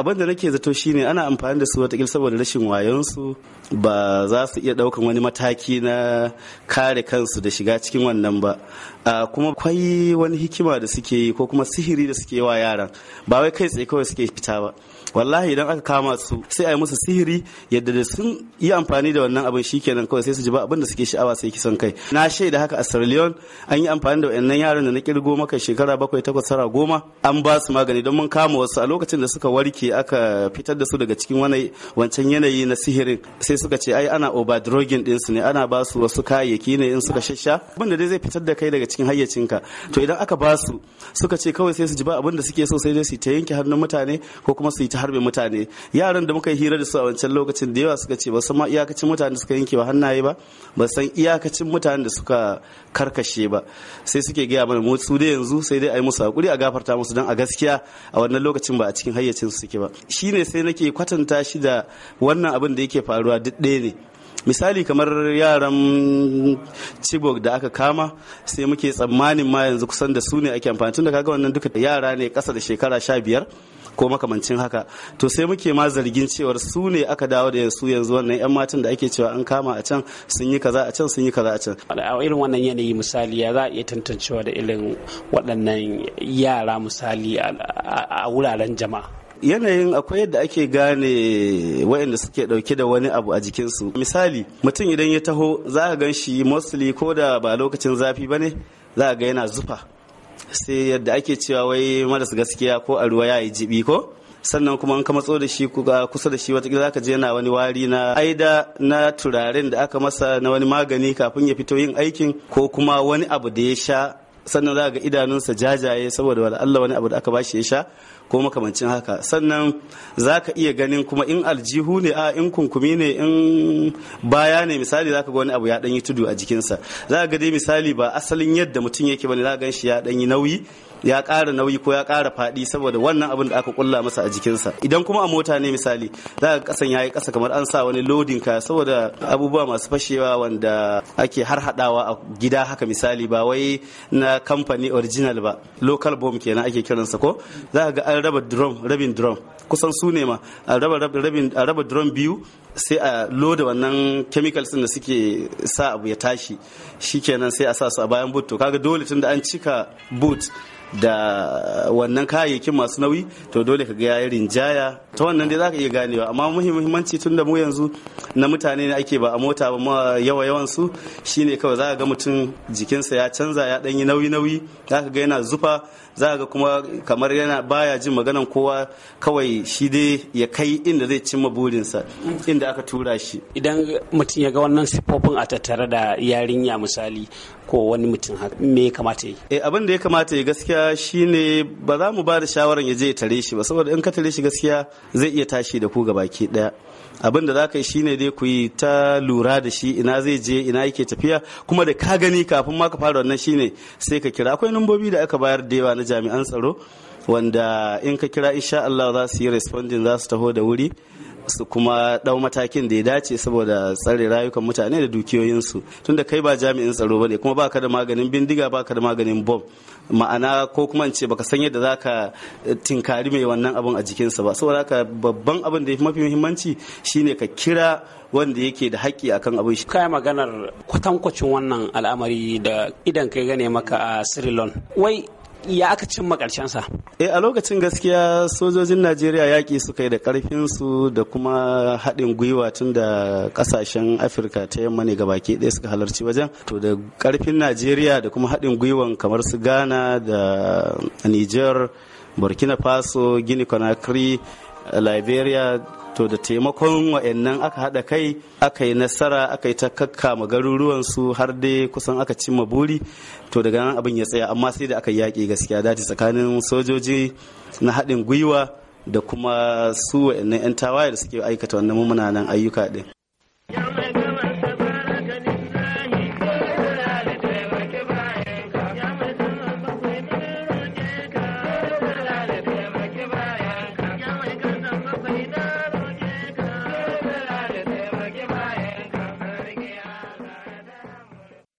abin da nake zato shine ana amfani da su watakil saboda rashin wayonsu ba za su iya daukan wani mataki na kare kansu da shiga cikin wannan ba kuma kwai wani hikima da suke yi ko kuma sihiri da suke wa yaran ba wai kai tsaye kawai suke fita ba wallahi idan aka kama su sai a yi musu sihiri yadda da sun yi amfani da wannan abin shikenan kawai sai su ji ba abin da suke sha'awa sai kisan kai na shaida haka a Sierra Leone an yi amfani da wannan yaran da na kirgo maka shekara bakwai takwas sara goma an ba su magani don mun kama wasu a lokacin da suka warke aka fitar da su daga cikin wani wancan yanayi na sihirin sai suka ce ai ana overdrugging din su ne ana ba su wasu kayayyaki ne in suka shasha abinda dai zai fitar da kai daga cikin hayyacinka to idan aka ba su suka ce kawai sai su ji ba abin da suke so sai dai su ta yanke hannun mutane ko kuma su yi ta harbe mutane yaran da muka yi hira da su a wancan lokacin da yawa suka ce ba su ma iyakacin mutane da suka yanke wa hannaye ba ba san iyakacin mutanen da suka karkashe ba sai suke gaya mana mu su dai yanzu sai dai a yi musu hakuri a gafarta musu don a gaskiya a wannan lokacin ba a cikin hayyacin su suke ba ba shine sai nake kwatanta shi da wannan abin da yake faruwa duk ɗaya ne misali kamar yaran chibok da aka kama sai muke tsammanin ma yanzu kusan da su ne ake amfani tun da kaga wannan duka yara ne ƙasa da shekara sha biyar ko makamancin haka to sai muke ma zargin cewar su ne aka dawo da su yanzu wannan yan matan da ake cewa an kama a can sun yi kaza a can sun yi kaza a can a irin wannan yanayi misali ya za a iya tantancewa da irin waɗannan yara misali a wuraren jama'a yanayin akwai yadda ake gane waɗanda suke ɗauke da wani abu a jikinsu misali mutum idan ya taho za a gan shi mostly ko da ba lokacin zafi ba ne za a ga yana zufa sai yadda ake cewa wai maras gaskiya ko a ruwa ya yi jibi ko sannan kuma an ka matso da shi kusa da shi wata za zaka je yana wani wari na aida na turaren da aka masa na wani magani kafin ya fito yin aikin ko kuma wani abu da ya sha sannan za ga idanunsa jajaye saboda wani Allah wani abu da aka bashi ya sha ko makamancin haka sannan za ka iya ganin kuma in aljihu ne a in kunkumi ne in baya ne misali za ka ga wani abu ya yi tudu a jikinsa za ka ga dai misali ba asalin yadda mutum yake bane za ka gan shi ya yi nauyi ya ƙara nauyi ko ya ƙara faɗi saboda wannan abin da aka kulla masa a jikinsa idan kuma a mota ne misali za ka kasan yi kasa kamar an sa wani lodin ka saboda abubuwa masu fashewa wanda ake har hadawa a gida haka misali ba wai na kamfani original ba local bomb kenan ake kiransa ko za ka ga an raba drum rabin drum kusan su ne ma a raba rabin a raba drum biyu sai a loda wannan chemicals din da suke sa abu ya tashi shikenan sai a sa su a bayan boot to kaga dole tunda an cika boot da wannan kayayyakin masu nauyi to dole ka ga yayi rinjaya ta wannan dai za ka iya ganewa amma muhimmanci tun da mu yanzu na mutane ne ake ba a mota ba ma yawa yawan su shine kawai za ka ga mutum jikinsa ya canza ya ɗanyi nauyi nauyi za ka ga yana zufa za ka ga kuma kamar yana baya jin maganan kowa kawai shi dai ya kai inda zai cimma burinsa inda aka tura shi idan mutum ya ga wannan siffofin a tattare da yarinya misali ko wani mutum me ya kamata yi eh, abin da ya kamata yi gaskiya shine ba za mu ba da shawaran ya je ya tare shi ba saboda in ka tare shi gaskiya zai iya tashi da ku gabaki daya abin da za ka yi shine dai ku yi ta lura da shi ina zai je ina yake tafiya kuma da ka gani kafin ma ka fara wannan shine sai ka kira akwai numbobi da aka bayar da yawa na jami'an tsaro wanda in ka kira insha Allah za su yi responding za su taho da wuri su kuma dau matakin da ya dace saboda tsare rayukan mutane da dukiyoyinsu tunda kai ba jami'in tsaro bane kuma baka da maganin bindiga baka da maganin bom ma'ana ko kuma in ce baka san yadda zaka eh, tinkari mai wannan abun a jikinsa ba saboda haka babban abin da ya fi mafi muhimmanci shine ka kira wanda yake da haƙƙi akan abin shi. Kai maganar kwatankwacin wannan al'amari da idan kai gane maka a Sirilon. Wai ya aka cimma karshen sa eh a lokacin gaskiya sojojin Najeriya yaƙi suka yi da karfin da kuma haɗin gwiwa tun da kasashen Afirka ta yamma ne gabaki ɗaya suka halarci wajen to da karfin Najeriya da kuma haɗin gwiwan kamar su Ghana da Niger Burkina Faso Guinea Conakry Liberia to da taimakon wa'annan aka haɗa kai aka yi nasara aka yi ta kakkama garuruwan su har dai kusan aka cimma buri to daga nan abin ya tsaya amma sai da aka yaƙi gaskiya daji tsakanin sojoji na haɗin gwiwa da kuma su wa'annan 'yan tawaye da suke aikata wannan nan ayyuka ɗin